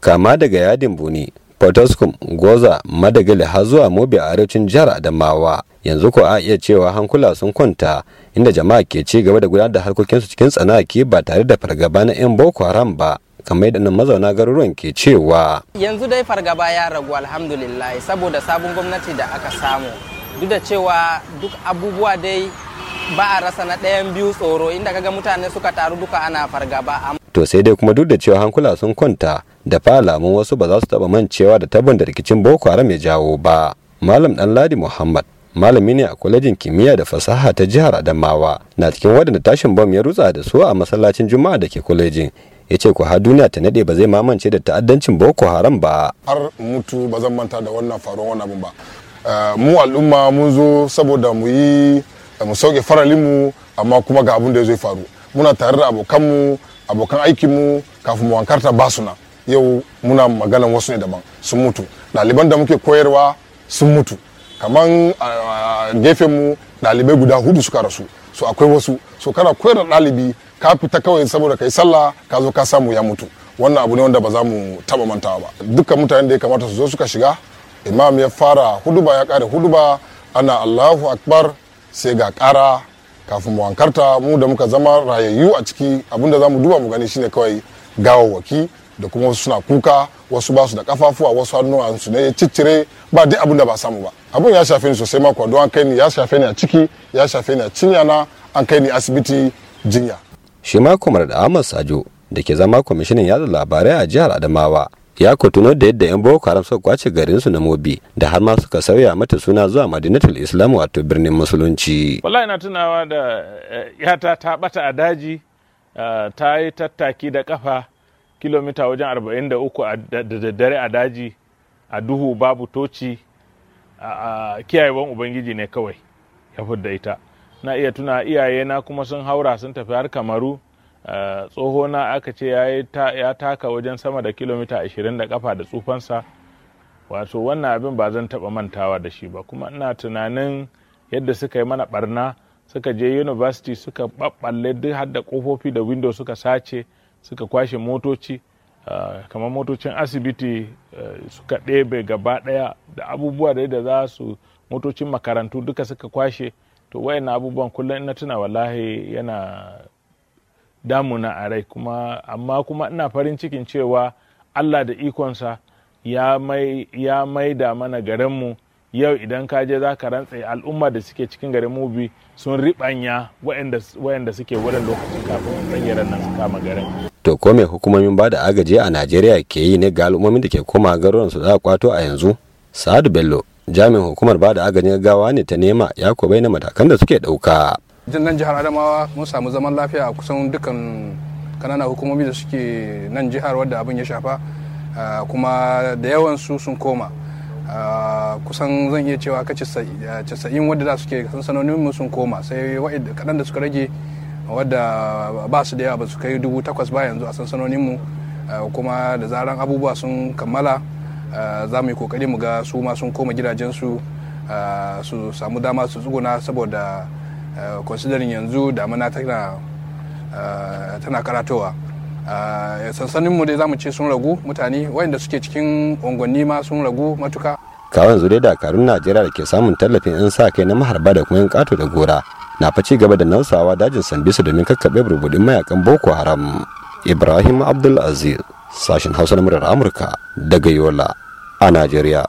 kama daga yadin buni potoskum goza madagali har zuwa mobi a arewacin jihar adamawa yanzu ko a iya cewa hankula sun kwanta inda jama'a ke ci gaba da gudanar da harkokinsu cikin tsanaki ba tare da fargaba na 'yan boko haram ba kamar yadda nan mazauna garuruwan ke cewa yanzu dai fargaba ya ragu alhamdulillah saboda sabon gwamnati da aka samu duk da cewa duk abubuwa dai ba a rasa na ɗayan biyu tsoro inda kaga mutane suka taru duka ana fargaba to sai dai kuma duk da cewa hankula sun kwanta da falamun alamun wasu ba za su taba mancewa da tabban da rikicin boko haram ya jawo ba malam dan ladi muhammad malami ne a kwalejin kimiyya da fasaha ta jihar adamawa na cikin waɗanda tashin bom ya rutsa da su a masallacin juma'a da ke kwalejin ya ce ku ha duniya ta nade ba zai mamance da ta'addancin boko haram ba har mutu ba zan manta da wannan faruwar wannan abin ba eh, mu al'umma mun zo saboda mu yi mu sauke mu amma kuma ga abin da ya zo faru muna tare da abokan mu abokan aikin mu kafin mu wankarta ba su na yau muna maganan wasu ne daban sun mutu ɗaliban da muke koyarwa sun mutu kaman gefen mu ɗalibai guda hudu suka rasu so akwai wasu so kana koyar da ɗalibi ka fita kawai saboda kai sallah ka zo ka samu ya mutu wannan abu ne wanda ba za mu taba mantawa ba dukkan mutanen da ya kamata su zo suka shiga imam ya fara huduba ya kare huduba ana allahu akbar sai ga kara kafin mu hankarta mu da muka zama rayayyu a ciki abinda za mu duba mu gani shine kawai gawawwaki da kuma wasu suna kuka wasu basu da kafafuwa wasu hannuwansu ne ya ciccire ba duk abin da ba samu ba abin ya shafe ni sosai mako don an kai ni ya shafe ni a ciki ya shafe ni a cinya na an kai ni asibiti jinya shi ma kumar da ahmad sajo da ke zama kwamishinan yada labarai a jihar adamawa ya ko da yadda 'yan boko haram suka kwace garinsu na mobi da har ma suka sauya mata suna zuwa madinatul islam wato birnin musulunci wallahi na tunawa da eh, yata ta bata a daji eh, ta yi tattaki da kafa kilomita wajen 43 da daddare a daji a duhu babu toci a kiyayewan ubangiji ne kawai ya fudda ita na iya tuna iyayena kuma sun haura sun tafi har kamaru tsohona aka ce ya taka wajen sama da kilomita 20 da kafa da tsufansa wato wannan abin ba zan taba mantawa da shi ba kuma ina tunanin yadda suka yi mana barna suka je university suka babballe duk har da kofofi da window suka sace suka kwashe motoci ah, kamar motocin asibiti eh, suka ɗebe gaba ɗaya da abubuwa da za su motocin makarantu duka suka kwashe to wayan abubuwan kullum ina tuna wallahi yana damuna a rai kuma amma kuma ina farin cikin cewa allah da ikonsa ya mai da mana garinmu yau idan ka je za ka rantse al'umma da suke cikin garin mubi sun riɓanya waɗanda suke wurin lokacin kafin tsagiran nan su kama garin to ko me hukumomin ba da agaji a najeriya ke yi ne ga al'ummomin da ke koma garuruwan su za kwato a yanzu sa'adu bello jami'in hukumar ba da agajin gawa ne ta nema ya kobai na matakan da suke ɗauka nan jihar adamawa mun samu zaman lafiya a kusan dukkan kanana hukumomi da suke nan jihar wadda abin ya shafa kuma da yawan su sun koma kusan zan iya cewa ka casa'in wadda da suke sansanonin sun koma sai kaɗan da suka rage wadda ba su da yawa ba su kai dubu takwas ba yanzu a sansanonin sansanoninmu kuma da zaran abubuwa sun kammala za mu yi kokari mu ga su ma sun koma gidajensu su samu dama su tsuguna saboda Eh, considering yanzu damuna tana eh, tana karatowa eh, sansanin mu dai zamu ce sun ragu mutane wayanda suke cikin unguwanni ma sun ragu matuka kawon zure dakarun najeriya da ke samun tallafin 'yan sa kai na maharba da kuma 'yan kato da gora na fa ci gaba da nausawa dajin sambisu domin kakkaɓe rubudin mayakan boko haram ibrahim abdulaziz sashen hausa na murar amurka daga yola a najeriya